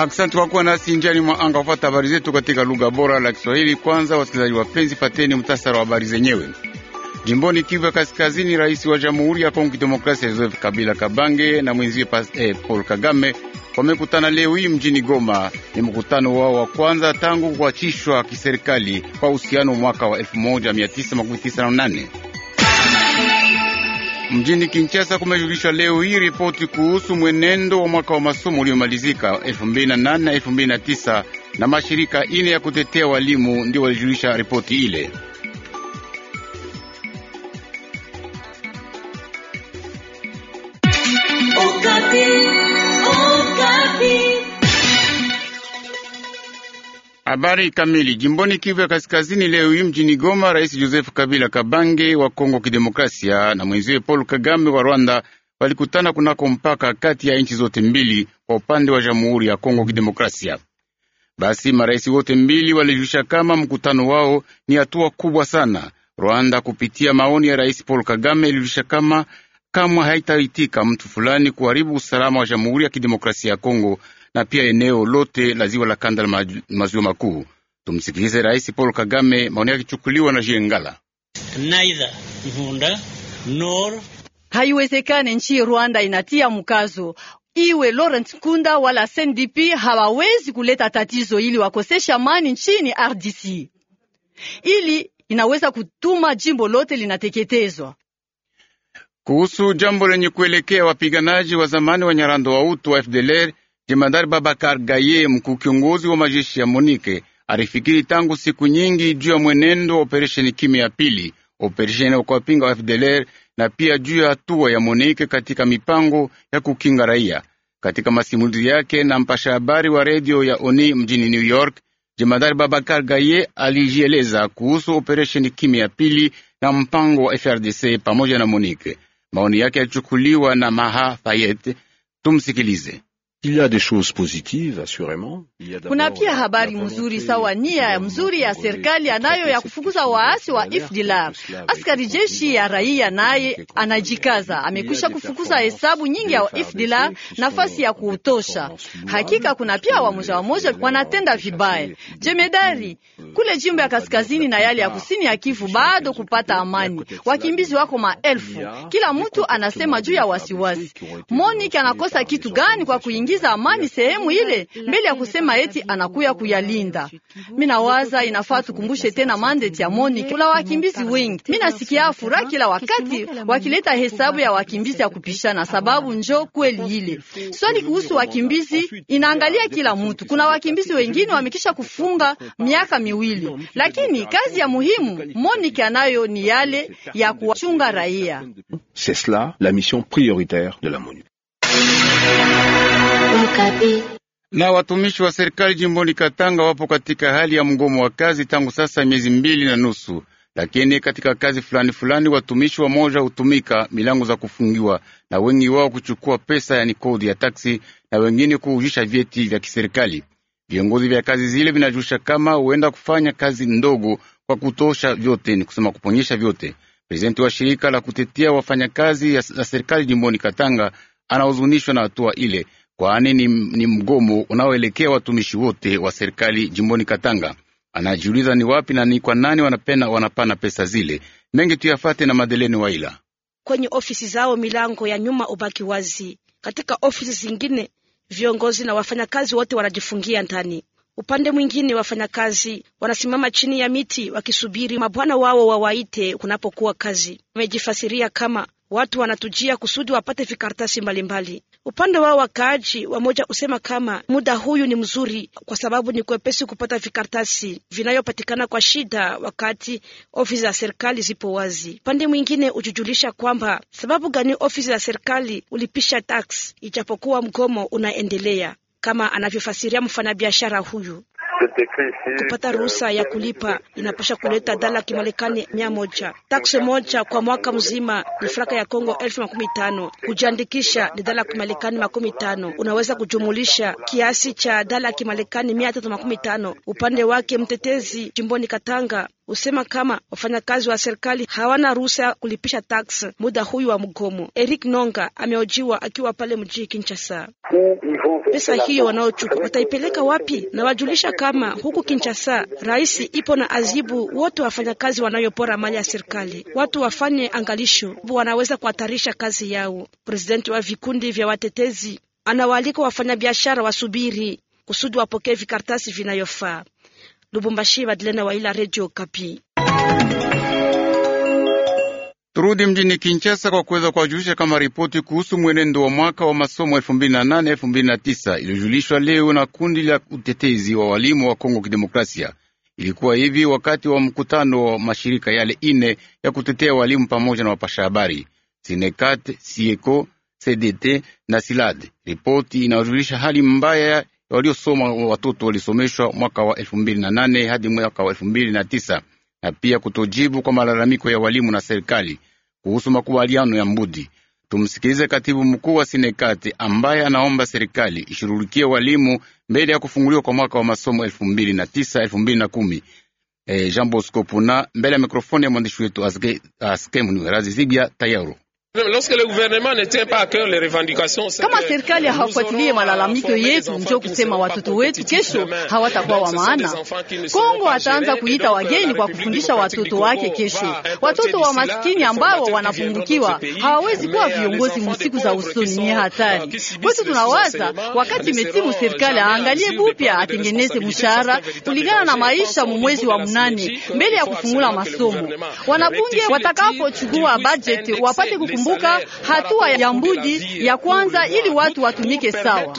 Aksanti kwa kuwa nasi njiani mwa anga kufata habari zetu katika lugha bora la Kiswahili. Kwanza wasikilizaji wapenzi, pateni mtasara wa habari zenyewe. Jimboni Kivu ya Kaskazini, rais wa Jamhuri ya Kongo Kidemokrasia Joseph Kabila Kabange na mwenzie eh, Paul Kagame wamekutana leo hii mjini Goma. Ni mkutano wao wa kwanza tangu kuachishwa kiserikali kwa uhusiano mwaka wa 1998. Mjini Kinshasa kumejulishwa leo hii ripoti kuhusu mwenendo wa mwaka wa masomo uliomalizika 2008 na 2009 na mashirika ine ya kutetea walimu ndio walijulisha ripoti ile. Habari kamili jimboni Kivu ya Kaskazini. Leo hii mjini Goma, Rais Joseph Kabila Kabange wa Kongo Kidemokrasia na mwenziwe Paul Kagame wa Rwanda walikutana kunako mpaka kati ya nchi zote mbili kwa upande wa Jamhuri ya Kongo Kidemokrasia. Basi marais wote mbili walijulisha kama mkutano wao ni hatua kubwa sana. Rwanda kupitia maoni ya Rais Paul Kagame ilijulisha kama kamwe haitaitika mtu fulani kuharibu usalama wa Jamhuri ya Kidemokrasia ya Kongo na pia eneo lote la ziwa la kanda la maziwa makuu. Tumsikilize Rais Paul Kagame, maoni yake yakichukuliwa na Jiengala. Haiwezekane nchi Rwanda inatia mkazo iwe Laurent Kunda wala CNDP hawawezi kuleta tatizo ili wakosesha amani nchini RDC, ili inaweza kutuma jimbo lote linateketezwa. Kuhusu jambo lenye kuelekea wapiganaji wa zamani wa nyarando wa utu wa FDLR Jemadari Babakar Gaye, mkuu kiongozi wa majeshi ya Monike, alifikiri tangu siku nyingi juu ya mwenendo wa operesheni kimya ya pili, operesheni ya kuwapinga wa FDLR na pia juu ya hatua ya Monike katika mipango ya kukinga raia. Katika masimulizi yake na mpasha habari wa redio ya Oni mjini New York, Jemadari Babakar Gaye alijieleza kuhusu operesheni kimya ya pili na mpango wa FRDC pamoja na Monike. Maoni yake yalichukuliwa na Maha Fayet. Tumsikilize. Il y a des choses positives, assurément. Kuna pia habari mzuri sawa nia mzuri ya serikali anayo ya kufukuza waasi wa FDLR. Askari jeshi ya raia naye anajikaza, amekwisha kufukuza hesabu nyingi ya FDLR, nafasi ya kutosha. Hakika kuna pia wamoja wamoja wanatenda vibaya. Jemedari euh, kule jimbo ya kaskazini na yale ya kusini ya Kivu bado kupata amani, wakimbizi wako maelfu, kila mtu anasema juu ya wasiwasi. Monica anakosa kitu gani kwa kuingia kuingiza amani sehemu ile mbele ya kusema eti anakuya kuyalinda. Minawaza inafaa tukumbushe tena mandate ya MONUC la wakimbizi wengi. Minasikia furaha kila wakati wakileta hesabu ya wakimbizi ya kupishana, sababu njo kweli ile swali kuhusu wakimbizi inaangalia kila mtu. Kuna wakimbizi wengine wamekisha kufunga miaka miwili, lakini kazi ya muhimu MONUC anayo ni yale ya kuwachunga raia. C'est cela la mission prioritaire de la MONUC na watumishi wa serikali jimboni Katanga wapo katika hali ya mgomo wa kazi tangu sasa miezi mbili na nusu, lakini katika kazi fulani fulani watumishi wa moja hutumika milango za kufungiwa na wengi wao kuchukua pesa yani kodi ya taksi na wengine kuujisha vyeti vya kiserikali. Viongozi vya kazi zile vinajusha kama huenda kufanya kazi ndogo kwa kutosha vyote, ni kusema kuponyesha vyote. Prezidenti wa shirika la kutetea wafanyakazi la serikali jimboni Katanga anahuzunishwa na hatua ile kwani ni, ni mgomo unaoelekea watumishi wote wa serikali jimboni Katanga. Anajiuliza ni wapi na ni kwa nani wanapena wanapana pesa zile mengi. Tuyafate na Madeleni Waila. Kwenye ofisi zao milango ya nyuma ubaki wazi, katika ofisi zingine viongozi na wafanyakazi wote wanajifungia ndani. Upande mwingine wafanyakazi wanasimama chini ya miti wakisubiri mabwana wao wawaite kunapokuwa kazi. Wamejifasiria kama watu wanatujia kusudi wapate vikaratasi mbalimbali. Upande wao wakaaji wamoja usema kama muda huyu ni mzuri kwa sababu ni kwepesi kupata vikartasi vinayopatikana kwa shida wakati ofisi za serikali zipo wazi. Upande mwingine hujujulisha kwamba sababu gani ofisi za serikali ulipisha tax ijapokuwa mgomo unaendelea, kama anavyofasiria mfanyabiashara huyu kupata ruhusa ya kulipa inapasha kuleta dala kimarekani mia moja. Taksi moja kwa mwaka mzima ni fraka ya Kongo elfu makumi tano. Kujiandikisha ni dala kimarekani makumi tano. Unaweza kujumulisha kiasi cha dala kimarekani mia tatu makumi tano. Upande wake mtetezi jimboni Katanga husema kama wafanyakazi wa serikali hawana ruhusa ya kulipisha tax muda huyu wa mgomo. Eric Nonga ameojiwa akiwa pale mjini Kinshasa. Pesa hiyo wanaochukua wataipeleka wapi? Na wajulisha kama huku Kinshasa rais ipo na azibu wote wafanyakazi wanayopora mali ya serikali. Watu wafanye angalisho, wanaweza kuhatarisha kazi yao. Presidenti wa vikundi vya watetezi anawaalika wafanyabiashara wasubiri kusudi wapokee vikartasi vinayofaa. Lubumbashi, Madlene Waila, Radio Kapi. Turudi mjini Kinshasa kwa kuweza kuwajulisha kama ripoti kuhusu mwenendo wa mwaka wa masomo 2008 2009 iliyojulishwa leo na kundi la utetezi wa walimu wa Kongo Kidemokrasia. Ilikuwa hivi wakati wa mkutano wa mashirika yale ine ya kutetea walimu pamoja na wapasha habari Sinekat, Sieko, CDT na Silad. Ripoti inayojulisha hali mbaya waliosoma watoto walisomeshwa mwaka wa elfu mbili na nane hadi mwaka wa elfu mbili na tisa na pia kutojibu kwa malalamiko ya walimu na serikali kuhusu makubaliano ya Mbudi. Tumsikilize katibu mkuu wa Sinekati ambaye anaomba serikali ishughulikie walimu mbele ya kufunguliwa kwa mwaka wa masomo elfu mbili na tisa elfu mbili na kumi. E, Jean Bosco Puna mbele ya mikrofoni ya mwandishi wetu Aske Muniwerazi Zibia Tayaro kama serikali hawafuatilie malalamiko yetu, njo kusema watoto wetu kesho hawatakuwa wa maana. Kongo ataanza kuita wageni kwa kufundisha watoto wake kesho. Watoto wa maskini ambao wanapungukiwa hawawezi kuwa viongozi musiku za usoni, ni hatari kwetu. Euh, tunawaza wakati metimu serikali aangalie bupya, atengeneze mshahara kulingana na maisha mumwezi wa mnane mbele ya kufungula masomo. Wanabunge watakapochukua bajeti wapate kukumbuka hatua ya mbuji ya kwanza ili watu watumike sawa.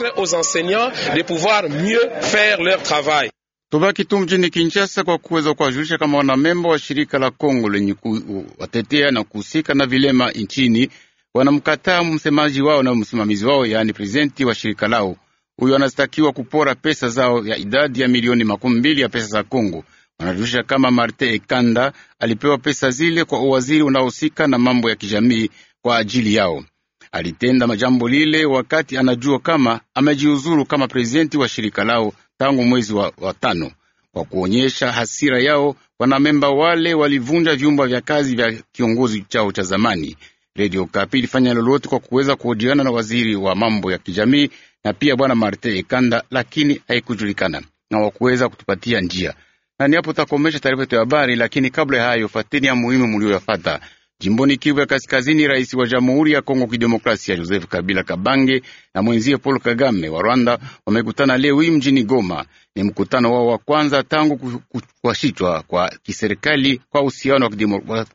Tubaki tu mjini Kinshasa kwa kuweza kuwajulisha kama wanamemba wa shirika la Kongo lenye kuwatetea na kuhusika na vilema nchini wanamkataa msemaji wao na msimamizi wao, yaani prezidenti wa shirika lao. Huyo anastakiwa kupora pesa zao ya idadi ya milioni makumi mbili ya pesa za Kongo. Wanajulisha kama Marte Ekanda alipewa pesa zile kwa uwaziri unaohusika na mambo ya kijamii kwa ajili yao. Alitenda majambo lile wakati anajua kama amejiuzuru kama prezidenti wa shirika lao tangu mwezi wa, wa tano. Kwa kuonyesha hasira yao, wanamemba wale walivunja vyumba vya kazi vya kiongozi chao cha zamani. Redio Kapi ilifanya lolote kwa kuweza kuhojiana na waziri wa mambo ya kijamii na pia bwana Marte Ekanda, lakini haikujulikana na wakuweza kutupatia njia. Na ni hapo takomesha taarifa yetu ya habari, lakini kabla ya hayo fateni ya muhimu mlioyafata. Jimboni Kivu ya Kaskazini, rais wa Jamhuri ya Kongo Kidemokrasia Joseph Kabila Kabange na mwenzie Paul Kagame wa Rwanda wamekutana leo hii mjini Goma. Ni mkutano wao wa kwanza tangu kuashitwa kwa kiserikali kwa uhusiano wa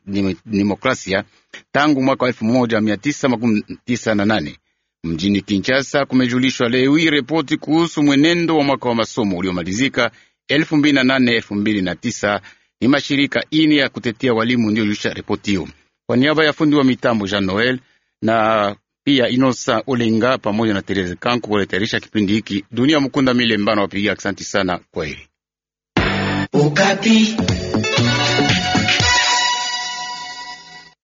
kidemokrasia tangu mwaka wa elfu moja mia tisa makumi tisa na nane. Mjini Kinshasa kumejulishwa leo hii ripoti kuhusu mwenendo wa mwaka wa masomo uliomalizika elfu mbili na nane elfu mbili na tisa. Ni mashirika ini ya kutetea walimu ndiyo ripoti hiyo. Kwa niaba ya fundi wa mitambo Jean Noel na pia Inosa Olenga pamoja na therese Kanku kuletayarisha kipindi hiki. Dunia Mkunda Milemba na wapigia, asanti sana, kwaheri.